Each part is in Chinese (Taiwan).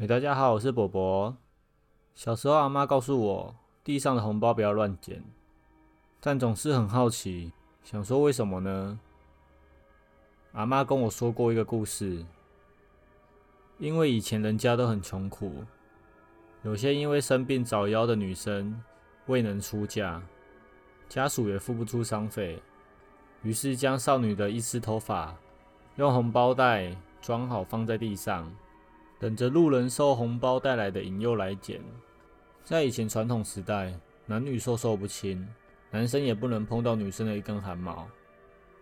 哎，欸、大家好，我是伯伯。小時候，阿嬤告訴我，地上的紅包不要亂撿，但總是很好奇，想說為什麼呢？阿嬤跟我說過一個故事，因為以前人家都很窮苦，有些因為生病早夭的女生未能出嫁，家屬也付不出喪費，於是將少女的一絲頭髮用紅包袋裝好，放在地上。等着路人收紅包帶來的引誘來撿。在以前傳統時代，男女授受不親，男生也不能碰到女生的一根汗毛。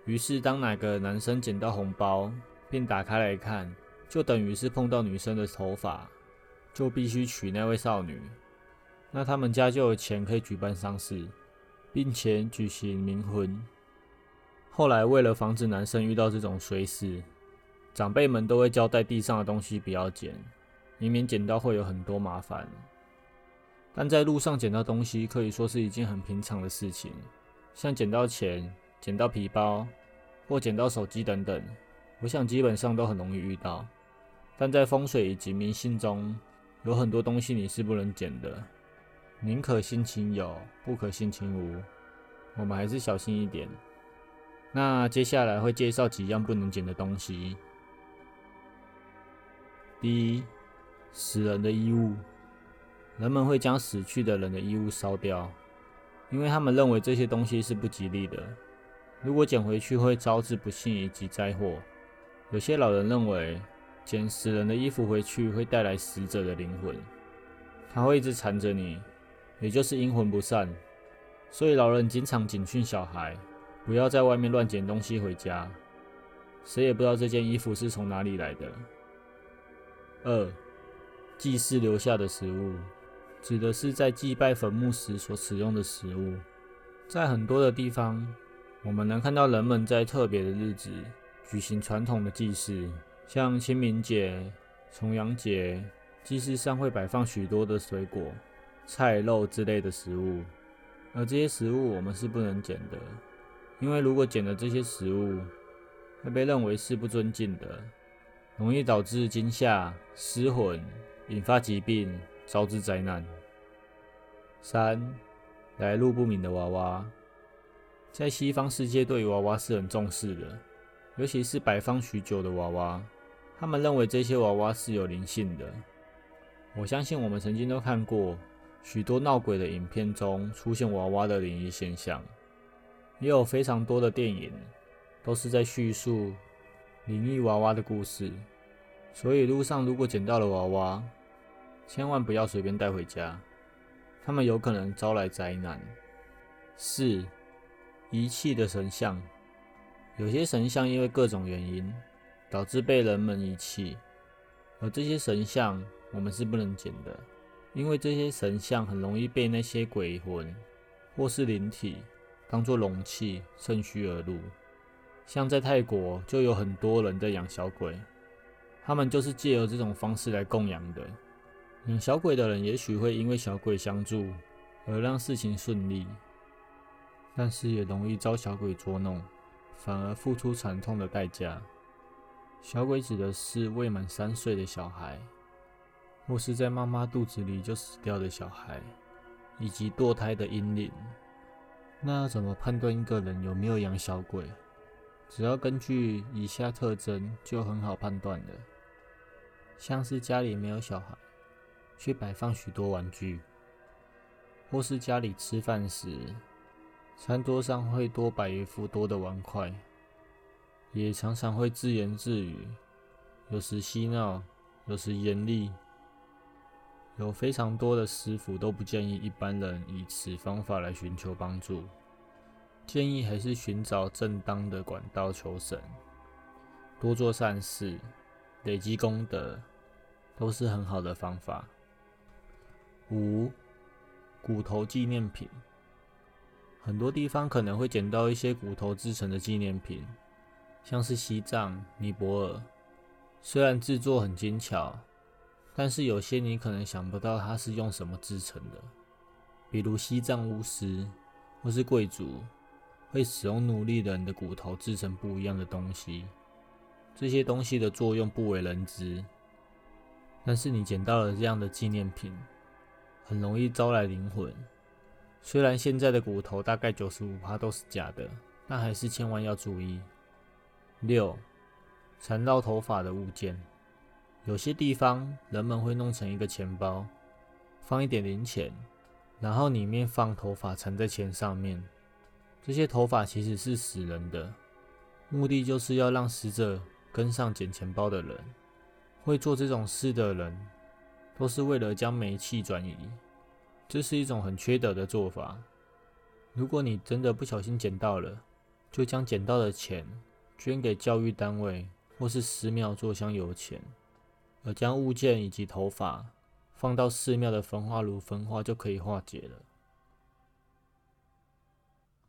於是，當哪個男生撿到紅包並打開來看，就等於是碰到女生的頭髮，就必須娶那位少女。那他們家就有錢可以舉辦喪事，並且舉行冥婚。後來，為了防止男生遇到這種衰事。長輩們都會交代，地上的東西不要撿，以免撿到會有很多麻煩。但在路上撿到東西，可以說是一件很平常的事情，像撿到錢、撿到皮包或撿到手機等等，我想基本上都很容易遇到。但在風水以及迷信中，有很多東西你是不能撿的，寧可信其有，不可信其無。我們還是小心一點。那接下來會介紹幾樣不能撿的東西。第一，死人的衣物，人們會將死去的人的衣物燒掉，因為他們認為這些東西是不吉利的。如果撿回去會招致不幸以及災禍。有些老人認為，撿死人的衣服回去會帶來死者的靈魂，他會一直纏着你，也就是陰魂不散。所以老人經常警訓小孩，不要在外面亂撿東西回家。誰也不知道這件衣服是從哪裡來的。二，祭祀留下的食物，指的是在祭拜墳墓時所使用的食物。在很多的地方，我們能看到人們在特別的日子舉行傳統的祭祀，像清明節、重陽節，祭祀上會擺放許多的水果、菜、肉之類的食物。而這些食物我們是不能撿的，因為如果撿了這些食物，會被認為是不尊敬的。容易導致驚嚇、失魂，引發疾病，招致災難。三，來路不明的娃娃，在西方世界對於娃娃是很重視的，尤其是擺放許久的娃娃，他們認為這些娃娃是有靈性的。我相信我們曾經都看過許多鬧鬼的影片中出現娃娃的靈異現象，也有非常多的電影都是在敘述。靈異娃娃的故事，所以路上如果撿到了娃娃，千萬不要隨便帶回家，他們有可能招來災難。四，遺棄的神像，有些神像因為各種原因導致被人們遺棄，而這些神像我們是不能撿的，因為這些神像很容易被那些鬼魂或是靈體當作容器趁虛而入。像在泰國，就有很多人在養小鬼，他們就是借由這種方式來供養的。養、嗯、小鬼的人也許會因為小鬼相助而讓事情順利，但是也容易遭小鬼捉弄，反而付出慘痛的代價。小鬼指的是未滿三歲的小孩，或是在媽媽肚子裡就死掉的小孩，以及墮胎的嬰靈。那要怎麼判斷一個人有沒有養小鬼？只要根據以下特徵，就很好判斷了。像是家裡沒有小孩，卻擺放許多玩具；或是家裡吃飯時，餐桌上會多擺一副多的碗筷，也常常會自言自語，有時嬉鬧，有時嚴厲。有非常多的師傅都不建議一般人以此方法來尋求幫助。建議還是尋找正當的管道求神，多做善事，累積功德，都是很好的方法。五，骨頭紀念品，很多地方可能會撿到一些骨頭制成的紀念品，像是西藏、尼泊爾，雖然制作很精巧，但是有些你可能想不到它是用什麼制成的，比如西藏巫師或是貴族。會使用奴隸人的骨頭製成不一樣的東西，這些東西的作用不為人知。但是你撿到了這樣的紀念品，很容易招來靈魂。雖然現在的骨頭大概九十五趴都是假的，但還是千萬要注意。六，纏繞頭髮的物件，有些地方人們會弄成一個錢包，放一點零錢，然後裡面放頭髮纏在錢上面。這些頭髮其實是死人的，目的就是要讓死者跟上撿錢包的人。會做這種事的人，都是為了將霉氣轉移，這是一種很缺德的做法。如果你真的不小心撿到了，就將撿到的錢捐給教育單位或是寺廟做香油錢，而將物件以及頭髮放到寺廟的焚化爐焚化，就可以化解了。